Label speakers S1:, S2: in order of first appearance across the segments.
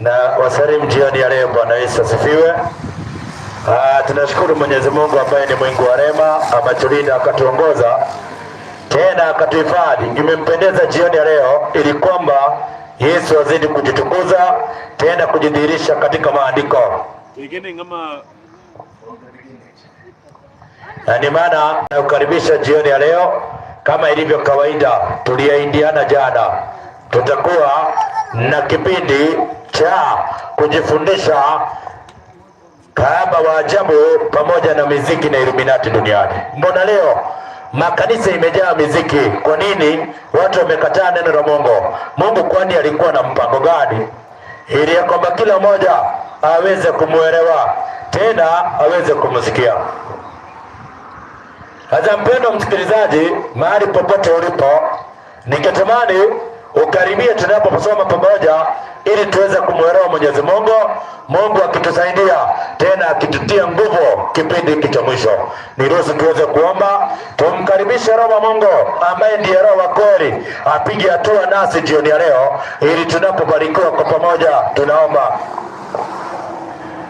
S1: na wasalimu jioni ya leo. Bwana Yesu asifiwe. Ah, tunashukuru Mwenyezi Mungu ambaye ni mwingi wa rehema, ametulinda akatuongoza tena akatuhifadhi. Imempendeza jioni ya leo ili kwamba Yesu azidi kujitukuza tena kujidhihirisha katika maandiko na ni maana nakukaribisha jioni ya leo kama ilivyo kawaida, tuliaindiana jana, tutakuwa na kipindi cha kujifundisha kaaba wa ajabu pamoja na miziki na iluminati duniani. Mbona leo makanisa imejaa miziki? Kwa nini watu wamekataa neno la Mungu? Mungu kwani alikuwa na mpango gani, ili ya kwamba kila mmoja aweze kumwelewa tena aweze kumsikia? Sasa mpendo msikilizaji, mahali popote ulipo, ningetamani ukaribie tunaposoma pamoja ili tuweze kumwelewa Mwenyezi Mungu, Mungu akitusaidia tena akitutia nguvu kipindi hiki cha mwisho. Niruhusu tuweze kuomba, tumkaribishe Roho wa Mungu ambaye ndiye Roho wa kweli apige hatua nasi jioni ya leo, ili tunapobarikiwa kwa pamoja, tunaomba.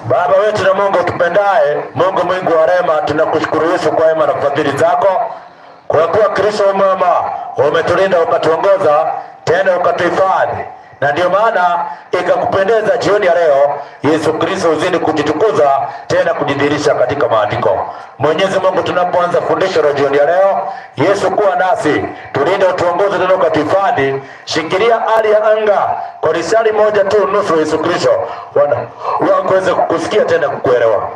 S1: Baba wetu na Mungu tupendaye, Mungu mwingi wa rehema, tunakushukuru Yesu kwa wema na fadhili zako, kwa kuwa Kristo mama umetulinda ukatuongoza tena ukatuhifadhi na ndiyo maana ikakupendeza jioni ya leo Yesu Kristo uzidi kujitukuza tena kujidhihirisha katika maandiko. Mwenyezi Mungu, tunapoanza fundisho la jioni ya leo, Yesu kuwa nasi, tulinde, utuongoze, tunakatuhifadhi, shikilia hali ya anga kwa risali moja tu nusu, Yesu Kristo, wana wakuweze kukusikia tena kukuelewa.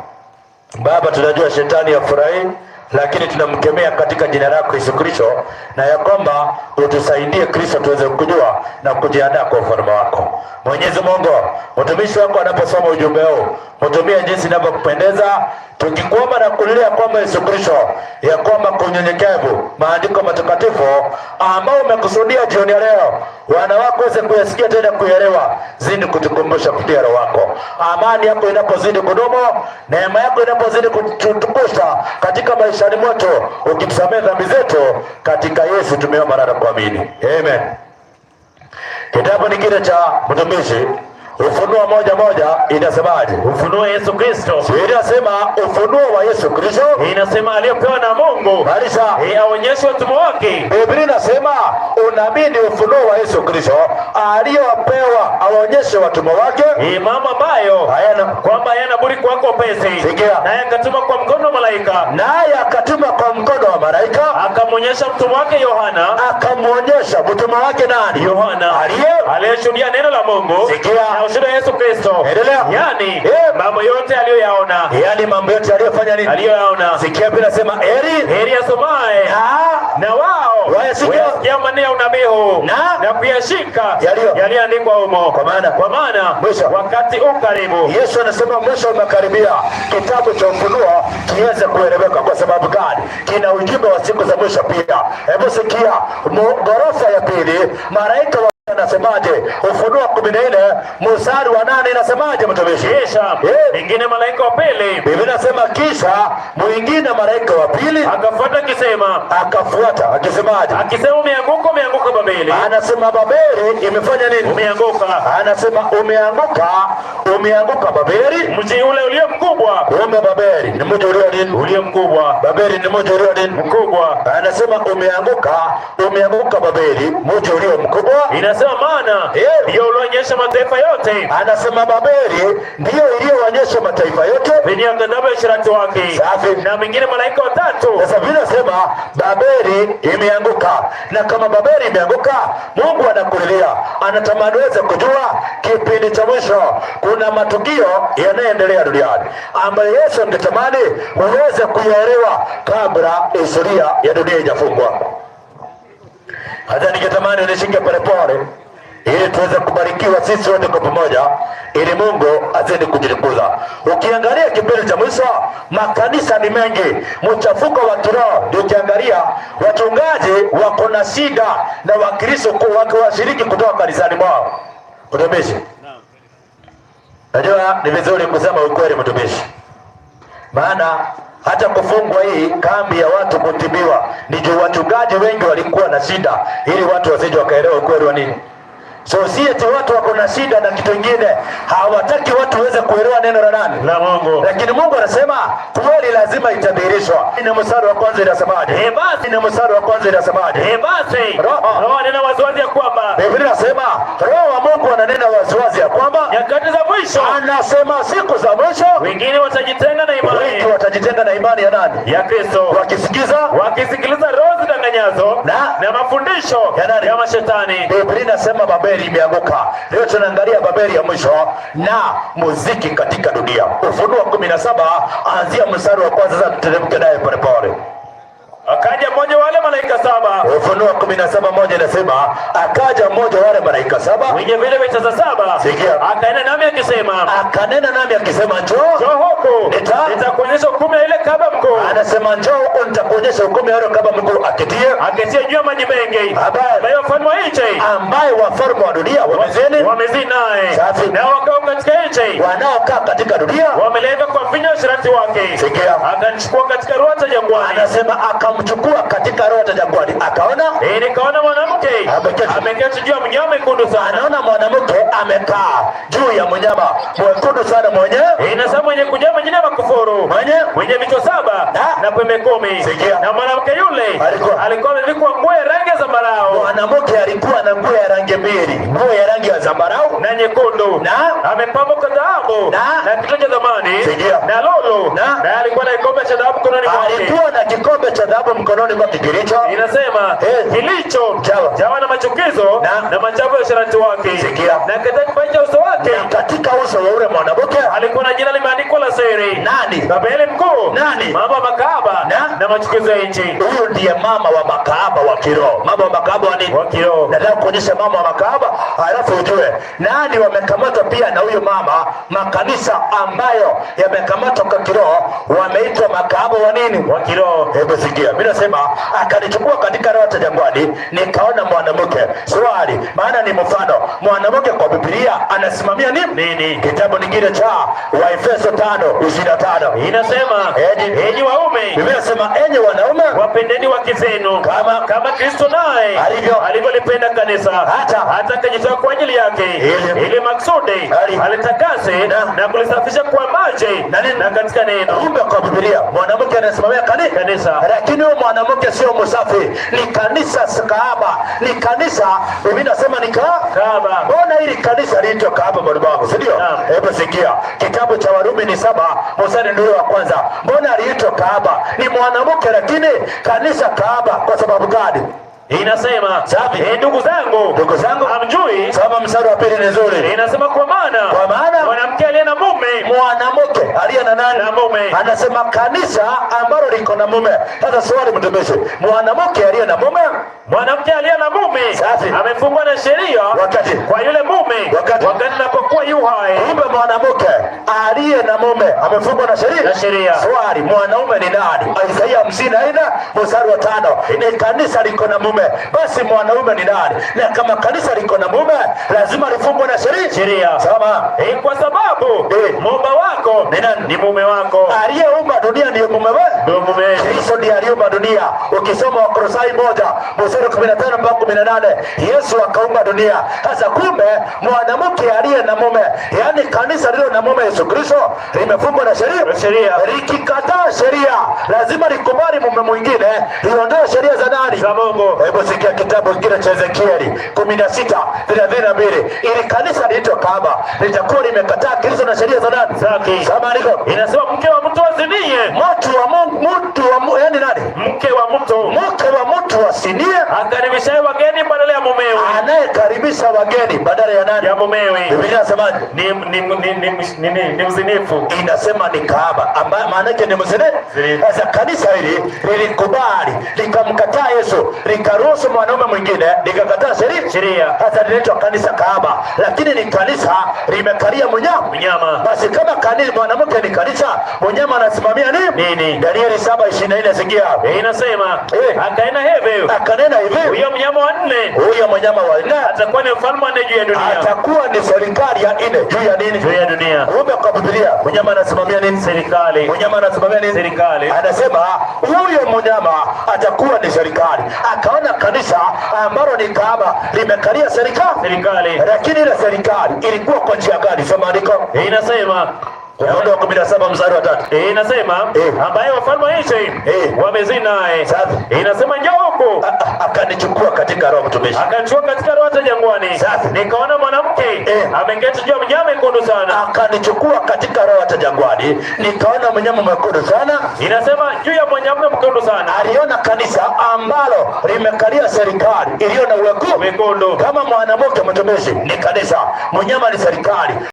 S1: Baba, tunajua shetani ya furahi lakini tunamkemea katika jina lako Yesu Kristo, na ya kwamba utusaidie Kristo tuweze kujua na kujiandaa kwa ufalme wako. Mwenyezi Mungu, mtumishi wako anaposoma ujumbe huu, mtumie jinsi inavyokupendeza, tukikuomba na kulilia kwamba Yesu Kristo, ya kwamba kunyenyekevu maandiko matakatifu ambao umekusudia jioni ya leo wana wako waweze kuyasikia tena kuyelewa, zidi kutukumbusha kutia roho wako. Amani yako inapozidi kudumu, neema yako inapozidi kututukusha katika maisha maishani mwetu, ukitusamehe dhambi zetu katika Yesu tumeomba na kuamini. Amen. Kitabu ni kile cha mtumishi Ufunuo moja moja inasemaje?
S2: Ufunuo Yesu Kristo
S1: inasema, ufunuo wa Yesu Kristo
S2: inasema aliyopewa na Mungu marisha aonyeshe utume wake.
S1: Biblia inasema unabii ni ufunuo wa Yesu Kristo aliyopewa aonyeshe watumwa wake,
S2: mama mambo ambayo kwamba hayana budi kuwako Sikia, naye akatuma kwa mkono wa malaika,
S1: naye akatuma kwa mkono wa malaika
S2: akamwonyesha mtumwa wake Yohana,
S1: akamwonyesha mtumwa wake nani?
S2: Yohana aliyeshuhudia neno la Mungu. Sikia kwa Yesu Kristo. Endelea. Yani eh. mambo yote aliyoyaona,
S1: yani mambo yote aliyofanya nini?
S2: Aliyoyaona.
S1: Sikia bila sema heri,
S2: heri asomaye na wao
S1: sikia
S2: maneno ya unabii huu na, na kuyashika yaliyoandikwa humo, kwa maana kwa maana wakati u karibu.
S1: Yesu anasema mwisho umekaribia. Kitabu cha Ufunuo kiweze kueleweka. Kwa sababu gani? Kina ujumbe wa siku za mwisho pia. Hebu sikia, ghorofa ya pili, malaika Anasemaje? Ufunuo kumi na nne mstari wa nane inasemaje mtumishi?
S2: Kisha mwingine malaika wa pili,
S1: Biblia inasema kisha mwingine malaika wa pili
S2: akafuata, akisema
S1: akafuata, akisemaje?
S2: Akisema umeanguka, umeanguka Babeli.
S1: Anasema Babeli imefanya nini?
S2: Umeanguka.
S1: Anasema umeanguka, umeanguka Babeli,
S2: mji ule ulio mkubwa.
S1: Kumbe Babeli ni mji ulio nini?
S2: Ulio mkubwa.
S1: Babeli ni mji ulio nini?
S2: Mkubwa.
S1: Anasema umeanguka, umeanguka Babeli, mji ulio mkubwa.
S2: Ina Anasema maana ndiyo ulionyesha mataifa yote,
S1: anasema Babeli ndiyo iliyoonyesha mataifa yote
S2: vinyanganavyo uasherati wake, na mwingine malaika watatu.
S1: Sasa Biblia inasema Babeli imeanguka, na kama Babeli imeanguka, Mungu anakulilia, anatamani uweze kujua kipindi cha mwisho. Kuna matukio yanayoendelea duniani ambayo Yesu angetamani uweze kuyaelewa kabla historia ya dunia ijafungwa hata nikatamani nishike polepole ili tuweze kubarikiwa sisi wote kwa pamoja, ili Mungu azidi kujilikuza. Ukiangalia kipindi cha mwisho, makanisa ni mengi, mchafuko wa kiroho ndio. Ukiangalia wachungaji wako na shida na wakristo wakiwashiriki kutoka kanisani mwao. Mtumishi, najua ni vizuri kusema ukweli, mtumishi, maana hata kufungwa hii kambi ya watu kutibiwa, ni juu wachungaji wengi walikuwa na shida, ili watu wasije wakaelewa ukweli wa nini. So si eti watu wako na shida na kitu kingine, hawataki watu waweze kuelewa neno la nani la Mungu, lakini Mungu anasema kweli lazima itabirishwa. Ni mstari wa kwanza inasemaje? Eh, basi ni mstari wa kwanza inasemaje?
S2: Eh, basi Roho ananena waziwazi ya kwamba
S1: Biblia inasema Roho wa Mungu ananena waziwazi ya kwamba mwisho. Anasema siku za mwisho
S2: wengine watajitenga na imani.
S1: Wengi watajitenga na imani ya nani? Ya Kristo. Wakisikiza,
S2: wakisikiliza roho zidanganyazo na, na mafundisho ya nani? Ya mashetani.
S1: Biblia inasema Babeli imeanguka. Leo tunaangalia Babeli ya mwisho na muziki katika dunia. Ufunuo 17 anzia mstari wa kwanza, sasa tuteremke naye polepole.
S2: Akaja mmoja wale malaika saba.
S1: Ufunuo kumi na saba moja inasema akaja mmoja wale malaika saba
S2: mwenye vile za saba, akaenda nami akisema,
S1: akanena nami akisema, njoo
S2: njoo huko, nitakuonyesha hukumu ya ile kahaba mkuu.
S1: Anasema njoo huko, nitakuonyesha hukumu ya ile kahaba mkuu akitie
S2: akitie juu ya maji mengi, ambaye wafalme wa nchi,
S1: ambaye wafalme wa dunia wamezini wamezini naye, safi
S2: na wakao katika nchi,
S1: wanaokaa katika dunia
S2: wamelemba kwa vinyo shirati wake. Sikia, akanichukua katika ruwaza jangwani,
S1: anasema aka akamchukua katika roho ya jangwani, akaona
S2: eh, nikaona mwanamke ameketi juu ya mnyama mwekundu sana.
S1: Anaona mwanamke amekaa juu ya mnyama mwekundu sana mwenye
S2: eh, na sababu mwenye kujaa majina makufuru mwenye mwenye vichwa saba na pembe kumi. Na mwanamke yule
S1: alikuwa alikuwa amevikwa nguo ya rangi ya zambarau. Mwanamke alikuwa na nguo ya rangi mbili, nguo ya rangi ya zambarau
S2: na nyekundu, na amepambwa kwa dhahabu na kitu cha thamani na lolo, na alikuwa na kikombe cha dhahabu mkononi
S1: mwake adhabu mkononi mwake kilicho,
S2: inasema kilicho chawa na machukizo na machafu ya sharati wake, na katika uso wake,
S1: katika uso wa ule mwanamke
S2: alikuwa na jina limeandikwa la siri. Nani? Babeli mkuu. Nani? Mama wa makahaba na machukizo ya nchi.
S1: Huyu ndiye mama wa makahaba wa kiroho. Mama wa makahaba ni Wa kiroho. Nataka kuonyesha mama wa makahaba, alafu ujue nani wamekamata pia na huyu mama. Makanisa ambayo yamekamatwa kwa kiroho wameitwa makahaba wa nini?
S2: Wa kiroho.
S1: Hebu kuingia. Mimi nasema akanichukua ah, katika roho ya jangwani, nikaona mwanamke. Swali, maana ni mfano mwanamke kwa Biblia anasimamia nini? Nini? Kitabu kingine cha Waefeso 5:25
S2: inasema enyi waume,
S1: Mimi nasema enyi wanaume
S2: wapendeni wake zenu kama kama Kristo naye
S1: alivyolipenda kanisa hata hata akajitoa kwa ajili yake ili maksudi alitakase na, na kulisafisha kwa maji na, na katika neno. Kumbe kwa Biblia mwanamke anasimamia
S2: kanisa
S1: lakini huyo mwanamke sio msafi, ni kanisa kaaba ni kanisa Mimi nasema ni
S2: kaaba.
S1: Mbona hili kanisa liitwa kaaba, mwalimu wangu, si ndio? Hebu sikia kitabu cha Warumi ni saba mstari ndio wa kwanza. Mbona aliitwa kaaba Ni mwanamke, lakini kanisa kaaba Kwa sababu gani?
S2: inasema safi. Eh, ndugu zangu, ndugu zangu, hamjui
S1: sababu. Mstari wa pili ni nzuri,
S2: inasema kwa maana,
S1: kwa maana
S2: mwanamke aliye na mume,
S1: mwanamke aliye na nani? Na mume. Anasema kanisa ambalo liko na mume. Sasa swali, mtumishi, mwanamke aliye na mume,
S2: mwanamke aliye na mume safi, amefungwa na sheria wakati kwa yule mume, wakati wakati anapokuwa yu hai.
S1: Kumbe mwanamke aliye na mume amefungwa na sheria, na sheria. Swali, mwanaume ni nani? Isaia 50 aina mstari wa 5 ni kanisa liko na mume mume, basi mwanaume ni nani? Na kama kanisa liko na mume, lazima lifungwe na sheria. Sawa,
S2: eh, kwa sababu eh, mume wako ni nani? Ni mume wako.
S1: Aliyeumba dunia ndio mume wewe, ndio mume. Kristo ndiye aliumba dunia. Ukisoma Wakolosai moja mstari 15 mpaka 18, Yesu akaumba dunia. Sasa kumbe mwanamke aliye na mume, yani kanisa lilo na mume Yesu Kristo limefungwa na sheria. Sheria likikataa sheria, lazima likubali mume mwingine, liondoe sheria za nani?
S2: Za Mungu
S1: sikia kitabu kile cha Ezekieli kumi na sita thelathini na mbili ili kanisa liitwe kahaba litakuwa limekataa kilicho na sheria za
S2: nani? Za maandiko. Inasema mke wa mtu asinie,
S1: mtu wa Mungu, mtu wa yani nani?
S2: Mke wa mtu,
S1: mke wa mtu asinie,
S2: akaribishaye wageni badala ya mumeo.
S1: anaye kukaribisha wageni badala ya nani? Ya mumewe. Biblia inasemaje? Ni ni ni ni ni, ni, ni mzinifu. Inasema ni kahaba ambaye maana yake ni mzinifu. Sasa kanisa hili lilikubali, likamkataa Yesu, likaruhusu mwanaume mwingine, likakataa sheria. Sheria. Sasa linaitwa kanisa kahaba, lakini ni kanisa limekalia mnyama. Mnyama. Basi kama kanisa mwanamke ni kanisa, mnyama anasimamia nini? Nini? Danieli 7:24 sikia.
S2: E, inasema, eh. akaenda hivi.
S1: Akaenda hivi.
S2: Huyo mnyama wa nne.
S1: Huyo mnyama wa nne atakuwa ni mfalme ane juu ya dunia, atakuwa ni serikali ya nne juu ya nini? Juu ya dunia. Mume kwa Biblia, mnyama anasimamia nini? Serikali. Mnyama anasimamia nini? Serikali. Anasema huyo mnyama atakuwa ni serikali. Akaona kanisa ambalo ni Kaaba limekalia serikali, serikali, lakini ile serikali ilikuwa kwa njia gani? Sema andiko
S2: inasema
S1: muda wa kumi na saba mstari wa tatu
S2: eh, inasema eh. ambaye wafalme wa nchi eh. wamezini naye, inasema njoo huku,
S1: akanichukua katika roho mtumishi,
S2: akanichukua katika roho hata jangwani, nikaona mwanamke ameketi juu ya mnyama mwekundu sana.
S1: Akanichukua katika roho hata jangwani, nikaona mnyama mwekundu sana,
S2: inasema juu ya mnyama mwekundu sana.
S1: Aliona kanisa ambalo limekalia serikali iliyo na
S2: uwekundu.
S1: Kama mwanamke mtumishi, ni kanisa, mnyama ni serikali.